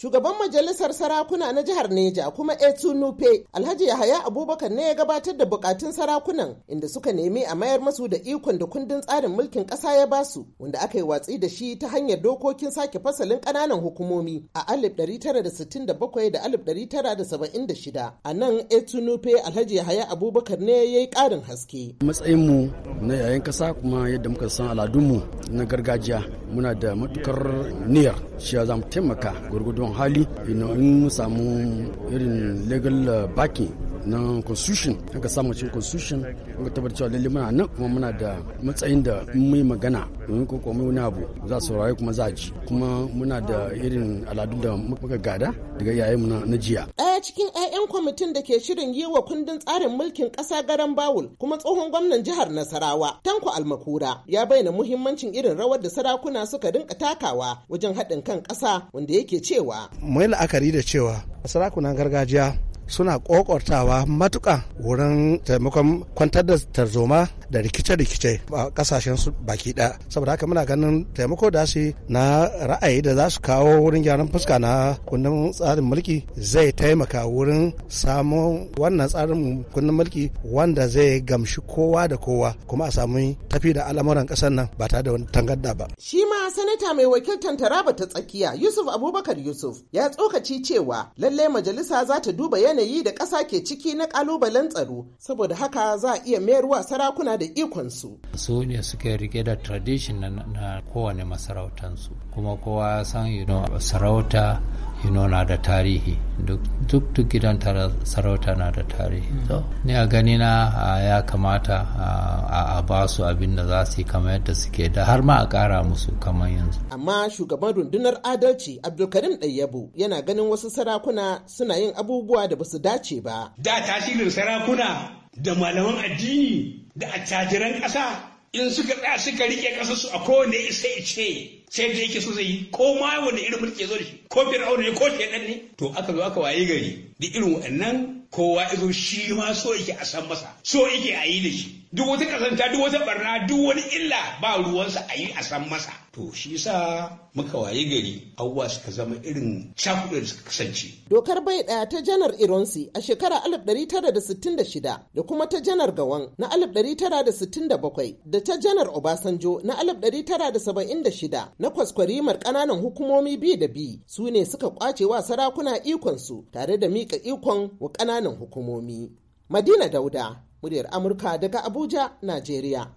Shugaban majalisar sarakuna na jihar Neja kuma Etu Nupe Alhaji Yahaya Abubakar ne ya gabatar da bukatun sarakunan inda suka nemi a mayar masu da ikon da kundin tsarin mulkin ƙasa ya basu wanda aka yi watsi da shi ta hanyar dokokin sake fasalin ƙananan hukumomi a 1967 da 1976. A nan Etu Nupe Alhaji Yahaya Abubakar ne ya yi ƙarin haske. Matsayinmu na yayin kasa kuma yadda muka san aladunmu na gargajiya muna da matukar niyyar cewa za mu taimaka gwargwadon hali in mun samu irin legal backing na constitution haka samu constitution ga tabbatar cewa lalle muna nan kuma muna da matsayin da mun magana domin ko komai wani abu za su rayu kuma za ji kuma muna da irin al'adu da muka gada daga iyayenmu na jiya daya cikin 'ya'yan kwamitin da ke shirin yi wa kundin tsarin mulkin kasa garan bawul kuma tsohon gwamnan jihar nasarawa tanko almakura ya bayyana muhimmancin irin rawar da sarakuna suka rinka takawa wajen haɗin kan ƙasa wanda yake cewa mai la'akari da cewa sarakunan gargajiya suna kokortawa matuka wurin taimakon kwantar da tarzoma da rikice-rikice a kasashen su baki ɗaya saboda haka muna ganin taimako da su na ra'ayi da za su kawo wurin gyaran fuska na kundin tsarin mulki zai taimaka wurin samun wannan tsarin kundin mulki wanda zai gamshi kowa da kowa kuma a samu tafi da al'amuran ƙasar nan ba tare da wani tangarda ba. Shi ma sanata mai wakiltar taraba ta tsakiya yusuf abubakar yusuf ya tsokaci cewa lallai majalisa za ta duba yanayi da ƙasa ke ciki na ƙalubalen tsaro saboda haka za a iya mayarwa sarakuna da ikonsu su ne suke rike da tradition na, kowane masarautansu kuma kowa ya san you know, sarauta you na da tarihi duk duk gidan sarauta na da tarihi so, mm. ni a gani na ya kamata a, ba su abin da za su yi kamar yadda suke da har ma a kara musu kamar yanzu. Amma shugaban rundunar adalci Abdulkarim Ɗayyabu, yana ganin wasu sarakuna suna yin abubuwa da basu dace ba. Da tasirin sarakuna da malaman addini da attajiran ƙasa in suka tsaya suka rike ƙasa su a kowane isa ce sai da yake so zai yi ko ma wanda irin mulki zo da shi ko fir'auna ne ko shedan ne to aka zo aka waye gari da irin wannan kowa izo shi ma so yake a san masa so yake a yi da shi duk wata kasanta duk wata barna duk wani illa ba ruwansa a yi a san masa To shi sa muka waye gari abubuwa suka zama irin cakuɗe da suka kasance. Dokar bai ɗaya ta janar Ironsi a shekara 1966 da kuma ta janar Gawan na 1967 da ta janar Obasanjo na 1976 na kwaskwarimar ƙananan hukumomi bi da bi su ne suka kwace wa sarakuna ikonsu tare da miƙa ikon wa ƙananan hukumomi. Madina Dauda, muryar Amurka daga Abuja, Najeriya.